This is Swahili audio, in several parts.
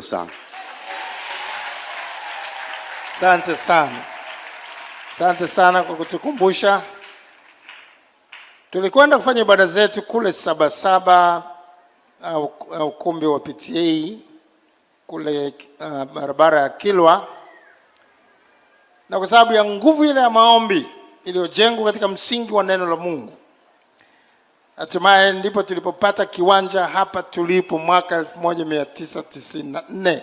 Sana. Asante sana, asante sana kwa kutukumbusha. Tulikwenda kufanya ibada zetu kule Sabasaba au uh, uh, ukumbi wa PTA kule uh, barabara ya Kilwa, na kwa sababu ya nguvu ile ya maombi iliyojengwa katika msingi wa neno la Mungu Hatimaye ndipo tulipopata kiwanja hapa tulipo mwaka 1994.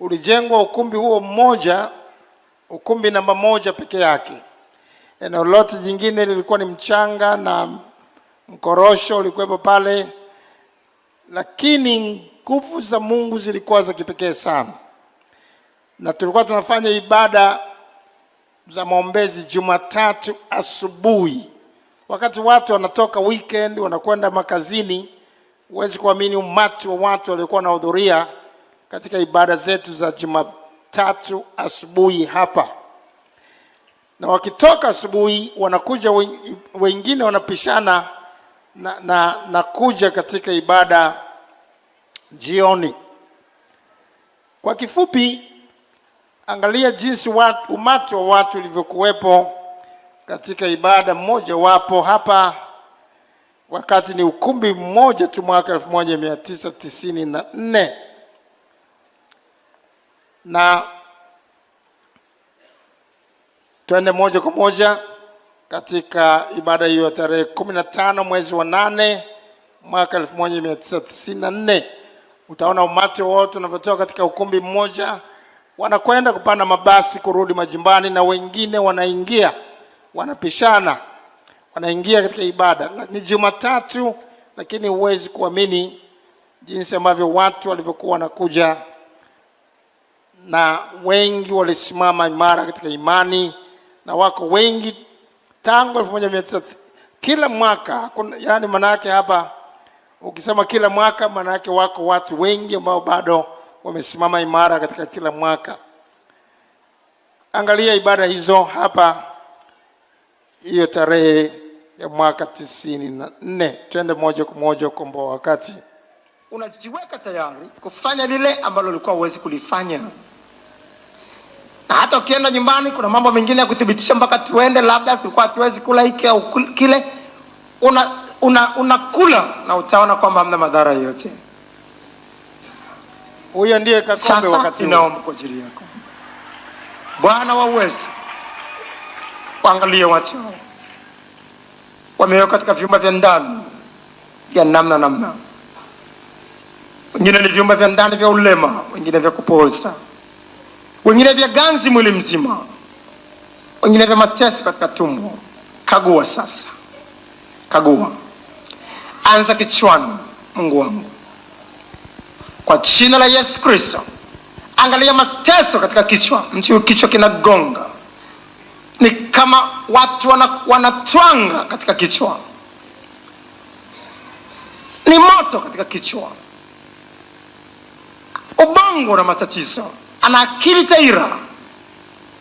Ulijengwa ukumbi huo mmoja, ukumbi namba moja peke yake. Eneo lote jingine lilikuwa ni mchanga na mkorosho ulikuwepo pale, lakini nguvu za Mungu zilikuwa za kipekee sana, na tulikuwa tunafanya ibada za maombezi Jumatatu asubuhi Wakati watu wanatoka weekend wanakwenda makazini, huwezi kuamini umati wa watu waliokuwa wanahudhuria katika ibada zetu za Jumatatu asubuhi hapa, na wakitoka asubuhi wanakuja wengine wanapishana na, na, na kuja katika ibada jioni. Kwa kifupi, angalia jinsi watu, umati wa watu ulivyokuwepo katika ibada mmoja wapo hapa, wakati ni ukumbi mmoja tu mwaka 1994 na twende moja kwa moja katika ibada hiyo ya tarehe tano mwezi wa nane mwaka nne Utaona umati wote unavyotoka katika ukumbi mmoja, wanakwenda kupanda mabasi kurudi majumbani, na wengine wanaingia wanapishana, wanaingia katika ibada. Ni Jumatatu, lakini huwezi kuamini jinsi ambavyo watu walivyokuwa wanakuja, na wengi walisimama imara katika imani, na wako wengi tangu elfu moja mia tisa kila mwaka. Yani maana hapa ukisema kila mwaka, maana wako watu wengi ambao bado wamesimama imara katika kila mwaka. Angalia ibada hizo hapa hiyo tarehe ya mwaka tisini na nne. Twende moja kwa moja kwamba wakati unajiweka tayari kufanya lile ambalo ulikuwa huwezi kulifanya, na hata ukienda nyumbani, kuna mambo mengine ya kuthibitisha mpaka tuende, labda tulikuwa hatuwezi kula hiki au kile, una unakula na utaona kwamba hamna madhara yote. Huyo ndiye Kakombe wakati. inaomba kwa ajili yako Bwana wa uwezo kuangalia wacho wamewekwa katika vyumba vya ndani vya namna namna, wengine ni vyumba vya ndani vya ulema, wengine vya kupoza, wengine vya ganzi mwili mzima, wengine vya mateso katika tumbo. Kagua sasa, kagua, anza kichwani. Mungu wangu, kwa jina la Yesu Kristo, angalia mateso katika kichwa, mtu kichwa kinagonga ni kama watu wanatwanga wana katika kichwa, ni moto katika kichwa. Ubongo na matatizo, ana akili taira,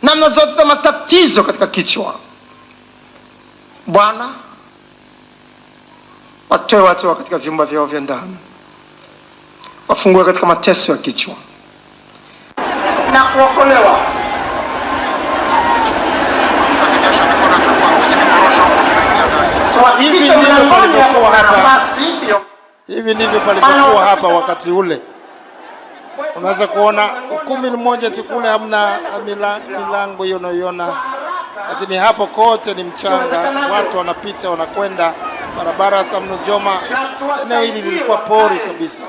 namna zote za matatizo katika kichwa. Bwana watoe watu katika vyumba vyao vya ndani, wafungue katika mateso ya kichwa na kuokolewa. Hivi ndivyo palivyokuwa hapa, wakati ule. Unaweza kuona ukumbi mmoja tu kule, hamna milango hiyo unayoiona, lakini hapo kote ni mchanga, watu wanapita wanakwenda barabara samnujoma Sam Nujoma. Eneo hili lilikuwa pori kabisa.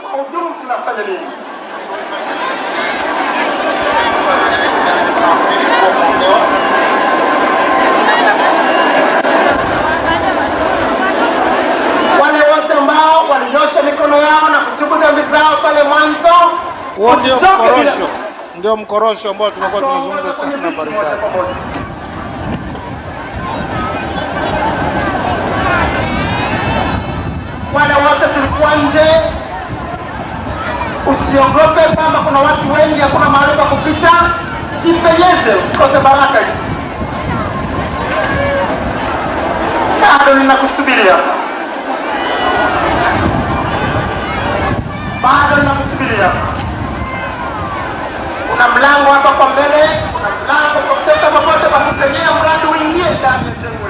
yao na kuchukuza dhambi zao pale mwanzo. Ndio mkorosho ambao tumekuwa tunazungumza sana habari zake. Wale wote tulikuwa nje, usiogope kwamba kuna watu wengi, hakuna mahali pa kupita. Jipenyeze, usikose baraka hizi, bado ninakusubiria. bado linakusubiria. Kuna mlango hapa kwa mbele, kuna mlango kwa kutoka popote, basi pengine mradi uingie ndani. ya jengo.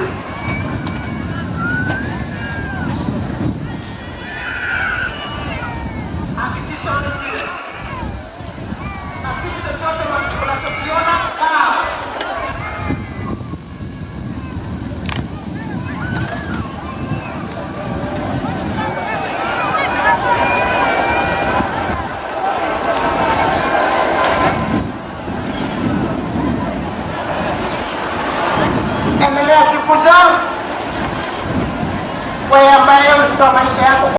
sua mãe